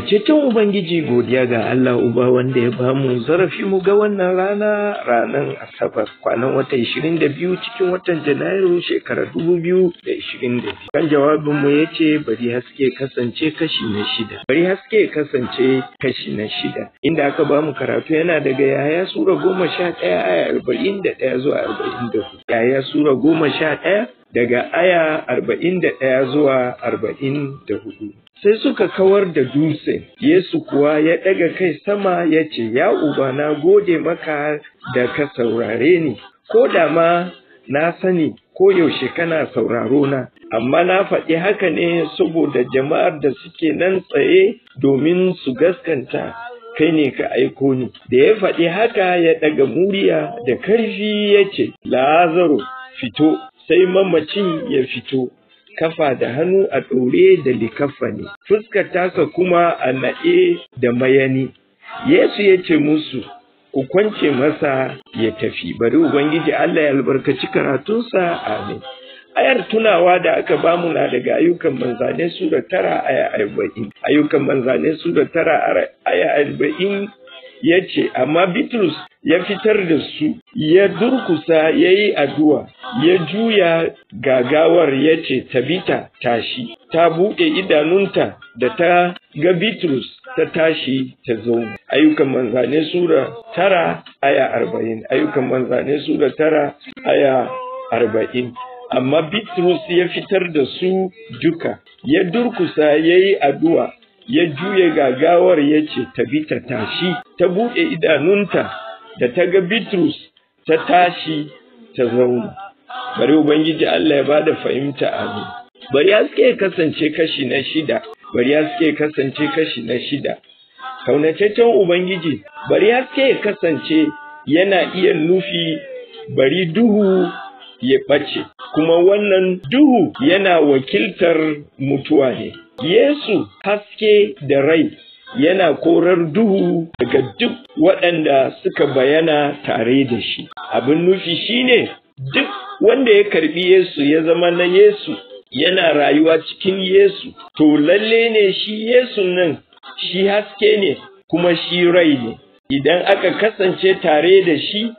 ce tun ubangiji godiya ga Allah uba wanda ya ba mu zarafi mu ga wannan rana ranar asabar kwanan wata 22 cikin watan janairu shekarar 2022 kan jawabin mu ce bari haske kasance kashi na shida bari haske kasance kashi na shida inda aka ba mu karatu yana daga yaya sura goma sha ɗaya a arba'in da ɗaya zuwa arba'in da hudu yaya sura goma sha ɗaya daga aya arba'in da ɗaya zuwa arba'in da hudu. Sai suka kawar da dutse, Yesu kuwa ya ɗaga kai sama ya ce, Ya uba na gode maka da ka saurare ni, ko da ma na sani ko yaushe kana sauraro na, amma na faɗi haka ne saboda jama'ar da suke nan tsaye domin su gaskanta kai ne ka aiko ni. Da ya faɗi haka ya ɗaga muriya da karfi ya ce, Lazaro, fito. sai mamacin ya fito kafa da hannu a ɗore da likafani fuskar tasa kuma a nae da mayani yesu ya ce musu ku kwance masa ya tafi bari ubangiji allah ya albarkaci karatunsa amin ayar tunawa da aka bamu na daga ayyukan manzane da tara aya arba'in ayyukan manzane da tara aya arba'in ya ce amma Bitrus ya fitar da su ya durkusa ya yi addu'a ya juya gagawar ya ce tabita tashi ta buɗe idanunta da ta ga Bitrus ta tashi ta zo Ayyukan manzane Sura tara aya arba'in, ayyukan manzane Sura tara aya arba'in. Amma Bitrus ya fitar da su duka, ya durkusa ya yi addu'a ya juye gagawar ya ce ta bi ta tashi ta buɗe idanunta da ta ga bitrus ta tashi ta zauna bari ubangiji allah ya bada fahimta amin bari ya suke kasance kashi na shida bari ya suke kasance kashi na shida kaunataccen ubangiji bari ya suke kasance yana iya nufi bari duhu ya ɓace kuma wannan duhu yana wakiltar mutuwa ne Yesu haske da rai yana korar duhu daga duk waɗanda suka bayana tare da shi. Abin nufi shine duk wanda ya karbi Yesu ya zama na Yesu yana rayuwa cikin Yesu, to lalle ne shi Yesu nan shi haske ne kuma shi rai ne. Idan aka kasance tare da shi,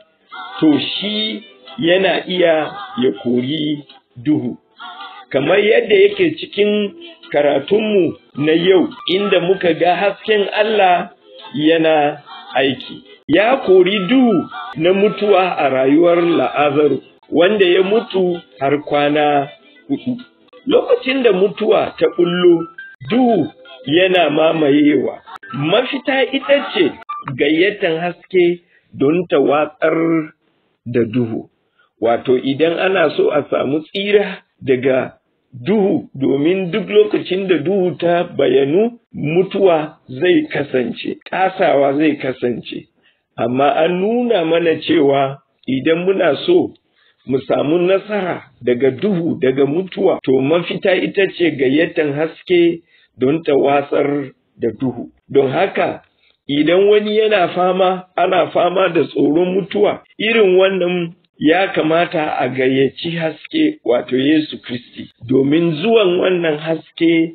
to shi yana iya ya kori duhu. kamar yadda yake cikin karatunmu na yau inda muka ga hasken Allah yana aiki. Ya kori duhu na mutuwa a rayuwar la'azaru wanda ya mutu har kwana hudu. Lokacin da mutuwa ta ɓullo duhu yana mamayewa, mafita ita ce gayyatan haske don ta watsar da duhu. Wato idan ana so a samu tsira daga duhu domin duk lokacin da duhu ta bayanu mutuwa zai kasance, ƙasawa zai kasance. Amma an nuna mana cewa idan muna so mu samu nasara daga duhu daga mutuwa to mafita ita ce gayyatan haske don ta wasar da duhu. Don haka idan wani yana fama ana fama da tsoron mutuwa irin wannan ya kamata a gayyaci haske wato Yesu Kristi domin zuwan wannan haske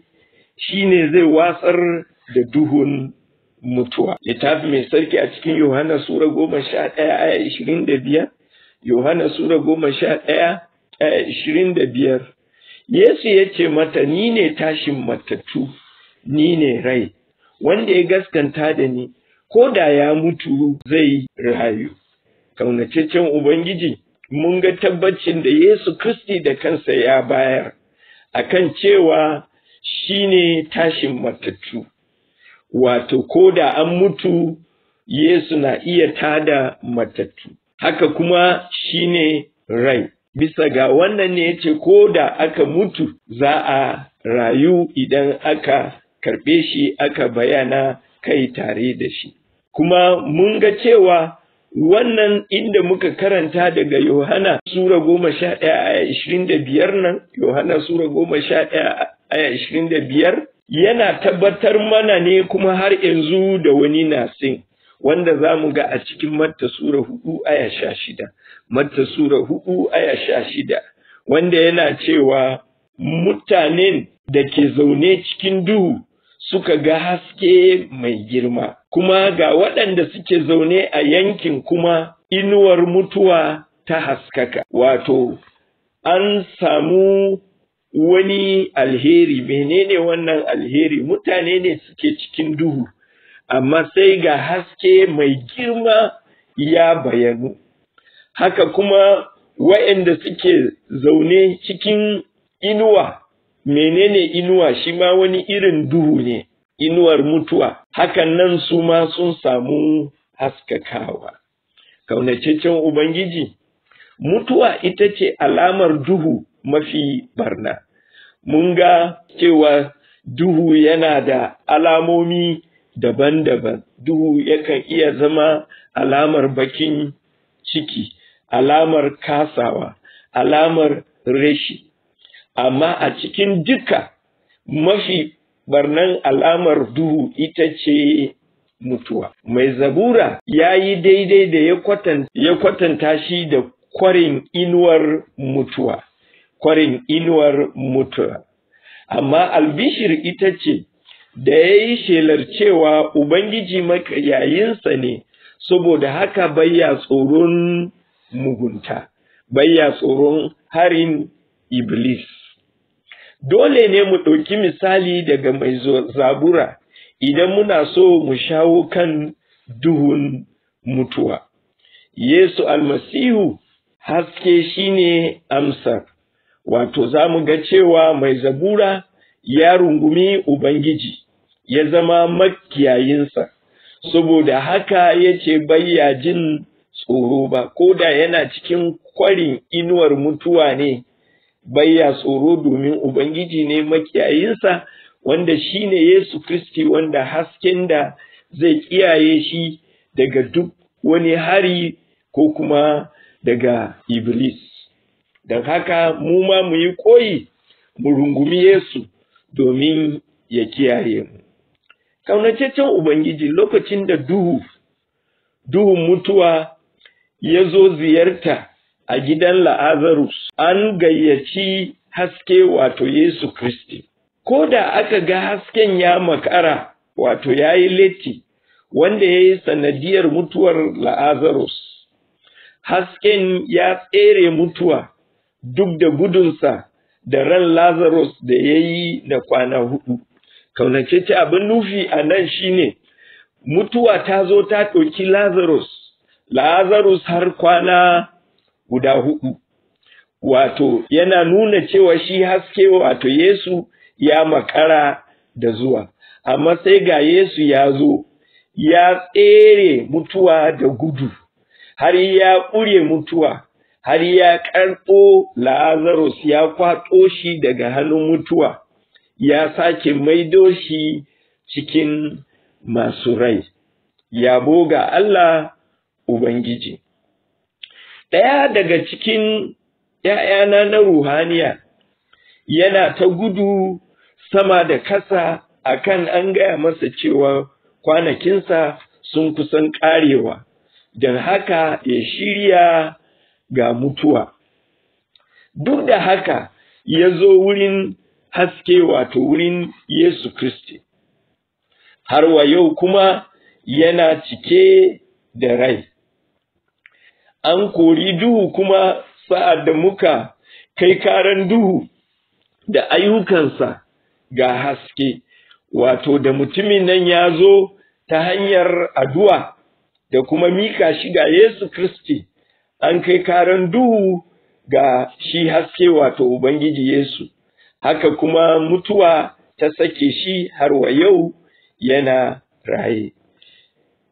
shine zai watsar da duhun mutuwa. Littafi mai sarki a cikin Yohana Sura goma sha ɗaya aya ishirin da biyar, Yohana Sura goma sha ɗaya aya ishirin da biyar. Yesu ya ce mata, Ni ne tashin matattu, ni ne rai, wanda ya gaskanta da ni, ko da ya mutu zai rayu. kaunataccen Ubangiji, mun ga tabbacin da Yesu Kristi da kansa ya bayar, a kan cewa shi ne tashin matattu, wato, ko da an mutu Yesu na iya tada matattu, haka kuma shi ne rai. Bisa ga wannan ne ce ko da aka mutu za a rayu idan aka karɓe shi aka bayana kai tare da shi. Kuma mun ga cewa wannan inda muka karanta daga Yohana Sura goma sha ɗaya aya ishirin da biyar nan, Yohana Sura goma sha ɗaya aya ishirin da biyar, yana tabbatar mana ne kuma har yanzu da wani nasin, wanda za mu ga a cikin Matta Sura hudu aya sha shida, Matta Sura hudu aya sha shida, wanda yana cewa mutanen da ke zaune cikin duhu suka ga haske mai girma. kuma ga waɗanda suke zaune a yankin kuma inuwar mutuwa ta haskaka wato an samu wani alheri menene wannan alheri mutane ne suke cikin duhu amma sai ga haske mai girma ya bayanu haka kuma waɗanda suke zaune cikin inuwa menene inuwa shi ma wani irin duhu ne inuwar mutuwa hakan nan su ma sun samu haskakawa kaunacecen ubangiji mutuwa ita ce alamar duhu mafi barna mun ga cewa duhu yana da alamomi daban-daban duhu yakan iya zama alamar bakin ciki alamar kasawa alamar reshi amma a cikin duka mafi barnan al'amar duhu ita ce mutuwa. Mai zabura ya yi daidai da ya kwatanta shi da kwarin inuwar mutuwa, kwarin inuwar mutuwa. Amma albishir ita ce da ya yi shelar cewa Ubangiji makayayinsa ne, saboda haka baya tsoron mugunta, baya tsoron harin Iblis. dole ne mu ɗauki misali daga mai zabura idan muna so mu shawo kan duhun mutuwa. Yesu almasihu haske shine amsar, wato za mu ga cewa mai zabura ya rungumi Ubangiji, ya zama makiyayinsa, saboda haka ya ce bayya jin tsoro ba, ko da yana cikin kwarin inuwar mutuwa ne, bayya tsoro domin Ubangiji ne makiyayinsa wanda shi ne Yesu Kristi wanda hasken da zai kiyaye shi daga duk wani hari ko kuma daga Iblis. Don haka mu ma mu yi koyi mu rungumi Yesu domin ya kiyaye mu. Kaunataccen Ubangiji lokacin da duhu, duhun mutuwa ya zo ziyarta a gidan Lazarus an gayyaci haske wato Yesu Kristi. Ko da aka ga hasken ya makara wato ya yi leti wanda ya yi sanadiyar mutuwar Lazarus, hasken ya tsere mutuwa duk da gudunsa da ran Lazarus da ya yi da kwana hudu. Kaunace Kaunacece abin nufi a nan shine mutuwa ta zo ta ɗauki Lazarus, Lazarus har kwana guda hudu wato yana nuna cewa shi haske wato Yesu ya makara da zuwa amma sai ga Yesu ya zo ya tsere mutuwa da gudu har ya ƙure mutuwa har ya ƙarɓo Lazarus ya kwato shi daga hannun mutuwa ya sake maido shi cikin masu rai yabo ga Allah Ubangiji ɗaya daga cikin ‘ya'yana na ruhaniya yana ta gudu sama da kasa akan an gaya masa cewa kwanakinsa sun kusan ƙarewa, don haka ya shirya ga mutuwa. Duk da haka ya zo wurin haske wato wurin Yesu Kristi, har wa yau kuma yana cike da rai. an kori duhu kuma sa'ad da muka kai karan duhu da ayyukansa ga haske, wato da mutumin nan ya zo ta hanyar addu'a da kuma mika shi ga Yesu Kristi, an kai karan duhu ga shi haske wato Ubangiji Yesu, haka kuma mutuwa ta sake shi har wa yau yana raye.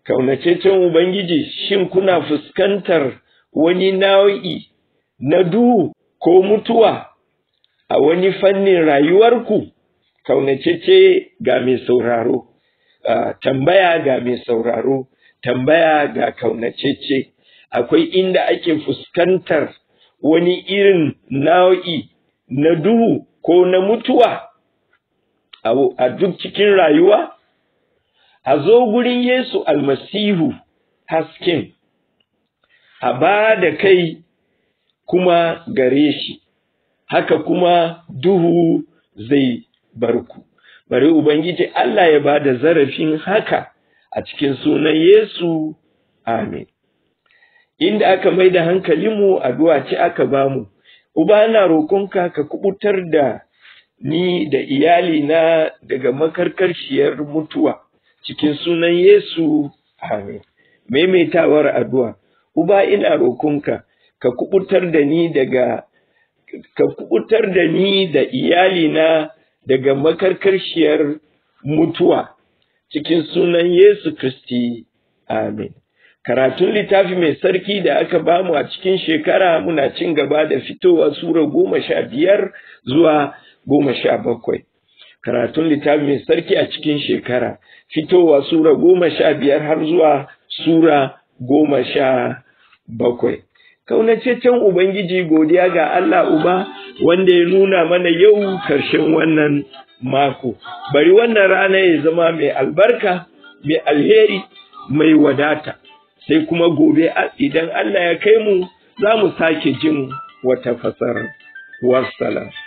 kaunacecen Ubangiji, shin kuna fuskantar wani nau'i na duhu ko mutuwa a wani fannin rayuwarku? Kaunacece ga mai sauraro, uh, tambaya ga mai sauraro, tambaya ga kaunacece, akwai inda ake fuskantar wani irin nau'i na duhu ko na mutuwa a duk cikin rayuwa? a zo gurin Yesu almasihu hasken, a ba da kai kuma gare shi, haka kuma duhu zai barku. Bari Ubangiji Allah ya ba da zarafin haka a cikin sunan Yesu, Amin. Inda aka mai da hankalinmu a ce aka bamu, Uba na roƙonka ka kubutar da ni da iyalina daga makarkarshiyar mutuwa. cikin sunan Yesu amin maimaitawar addu'a uba ina rokonka ka kubutar da ni daga ka kubutar da ni da iyalina daga makarkarshiyar mutuwa cikin sunan Yesu Kristi amin karatun littafi mai sarki da aka bamu a cikin shekara muna cin gaba da fitowa sura goma sha biyar zuwa goma sha bakwai karatun littafi sarki a cikin shekara fitowa sura goma sha biyar har zuwa sura goma sha bakwai kaunataccen ubangiji godiya ga Allah uba wanda ya nuna mana yau karshen wannan mako bari wannan rana ya zama mai albarka mai alheri mai wadata sai kuma gobe idan Allah ya kai mu za mu sake jin wata fasar wassalam